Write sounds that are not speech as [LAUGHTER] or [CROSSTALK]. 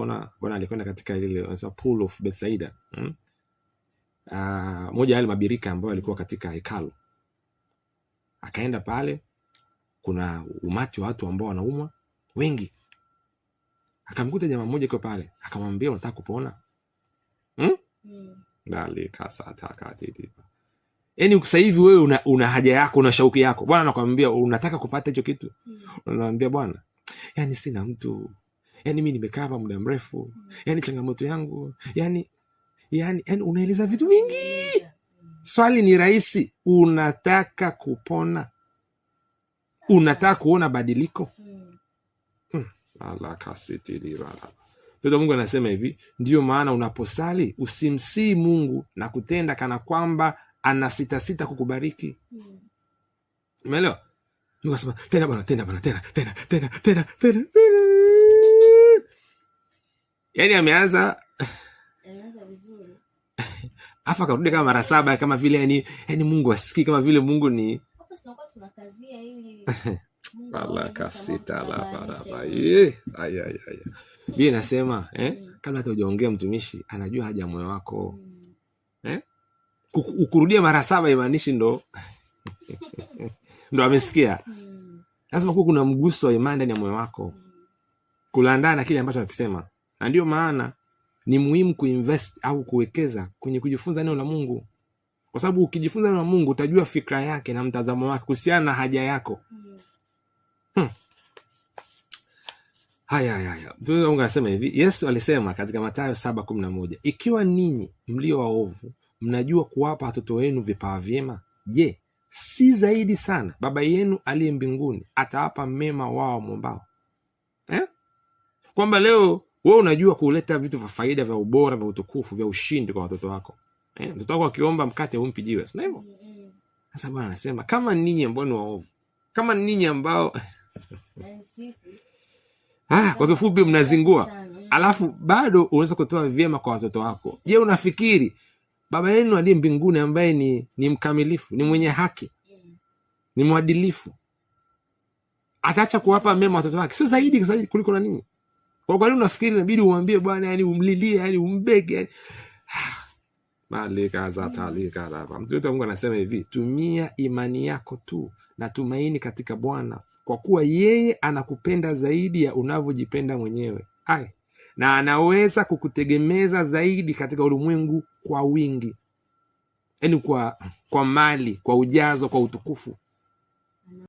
Ona Bwana alikwenda katika ile wanasema pool of Bethsaida hmm? Uh, moja yale mabirika ambayo alikuwa katika hekalu, akaenda pale, kuna umati wa watu ambao wanaumwa wengi, akamkuta jamaa mmoja kwa pale, akamwambia unataka kupona mm? hmm? hmm. Yaani sasa hivi wewe una, una haja yako una shauki yako, Bwana anakwambia unataka kupata hicho kitu, mm. unamwambia Bwana, yani sina mtu yani mi nimekaa hapa muda mrefu mm. yani changamoto yangu yani yani yani unaeleza vitu vingi swali ni rahisi unataka kupona unataka kuona badiliko hmm. mtoto mungu anasema hivi ndiyo maana unaposali usimsii mungu na kutenda kana kwamba ana sitasita kukubariki mm. umeelewa hmm. tena asema tena bwana tena tena tena tena tena tena yani ameanza afu akarudi kama mara saba kama vile yani, yani Mungu asikii kama vile Mungu ni Biblia nasema eh, mm. kabla hata ujaongea mtumishi anajua haja moyo wako mm. eh? Ukurudia mara saba imaanishi ndo [LAUGHS] ndo amesikia. Mm. Lazima kuwa kuna mguso wa imani ndani ya moyo wako, kulandaa na kile ambacho anakisema na ndiyo maana ni muhimu kuinvest au kuwekeza kwenye kujifunza neno la Mungu, kwa sababu ukijifunza neno la Mungu utajua fikra yake na mtazamo wake kuhusiana na haja yako. hmm. hivi, Yesu alisema katika matayo saba kumi na moja ikiwa ninyi mlio waovu mnajua kuwapa watoto wenu vipawa vyema, je, si zaidi sana Baba yenu aliye mbinguni atawapa mema wao mwambao eh? Kwamba leo wewe unajua kuleta vitu vya faida vya ubora vya utukufu vya ushindi kwa watoto wako eh, mtoto wako akiomba mkate umpi jiwe, sio hivyo? Sasa Bwana anasema kama ninyi ambao ni waovu, kama ninyi ambao [LAUGHS] ah, kwa kifupi mnazingua, alafu bado unaweza kutoa vyema kwa watoto wako. Je, unafikiri baba yenu aliye mbinguni ambaye ni, ni mkamilifu ni mwenye haki ni mwadilifu ataacha kuwapa mema watoto wake? Sio zaidi, zaidi kuliko na ninyi? Kwa kwani unafikiri inabidi uambie Bwana, yani umlilie, yani umbege, yani ah, mm. Mtumishi wa Mungu anasema hivi, tumia imani yako tu na tumaini katika Bwana, kwa kuwa yeye anakupenda zaidi ya unavyojipenda mwenyewe. Hai. Na anaweza kukutegemeza zaidi katika ulimwengu kwa wingi, yani kwa, kwa mali, kwa ujazo, kwa utukufu.